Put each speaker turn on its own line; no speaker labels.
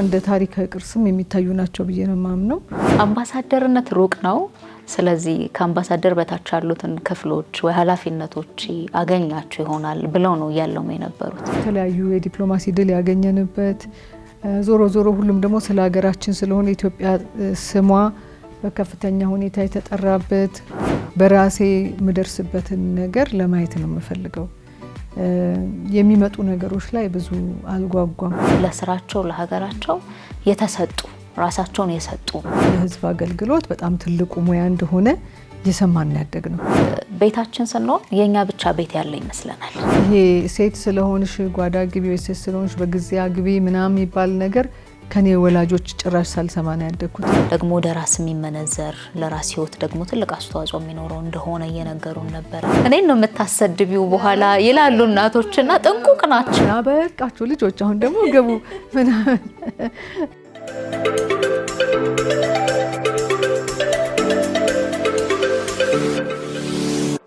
እንደ ታሪካዊ ቅርስም የሚታዩ ናቸው ብዬ ነው የማምነው።
አምባሳደርነት ሩቅ ነው። ስለዚህ ከአምባሳደር በታች ያሉትን ክፍሎች ወይ ኃላፊነቶች አገኛቸው ይሆናል ብለው ነው እያለሙ የነበሩት።
የተለያዩ የዲፕሎማሲ ድል ያገኘንበት ዞሮ ዞሮ ሁሉም ደግሞ ስለ ሀገራችን ስለሆነ ኢትዮጵያ ስሟ በከፍተኛ ሁኔታ የተጠራበት በራሴ የምደርስበትን ነገር ለማየት ነው የምፈልገው። የሚመጡ ነገሮች ላይ ብዙ አልጓጓም።
ለስራቸው ለሀገራቸው የተሰጡ ራሳቸውን የሰጡ
የህዝብ አገልግሎት በጣም ትልቁ ሙያ እንደሆነ እየሰማን ያደግ ነው።
ቤታችን ስንሆን የእኛ ብቻ ቤት ያለ ይመስለናል።
ይሄ ሴት ስለሆንሽ ጓዳ ግቢ፣ ሴት ስለሆንሽ በጊዜ አግቢ ምናምን የሚባል ነገር ከኔ ወላጆች ጭራሽ ሳልሰማ ነው ያደግኩት።
ደግሞ ወደ ራስ የሚመነዘር ለራስ ህይወት ደግሞ ትልቅ አስተዋጽኦ የሚኖረው እንደሆነ እየነገሩን ነበረ። እኔን ነው የምታሰድቢው በኋላ ይላሉ ና ጥንቁቅ ናቸው።
በቃችሁ ልጆች አሁን ደግሞ ግቡ ምናምን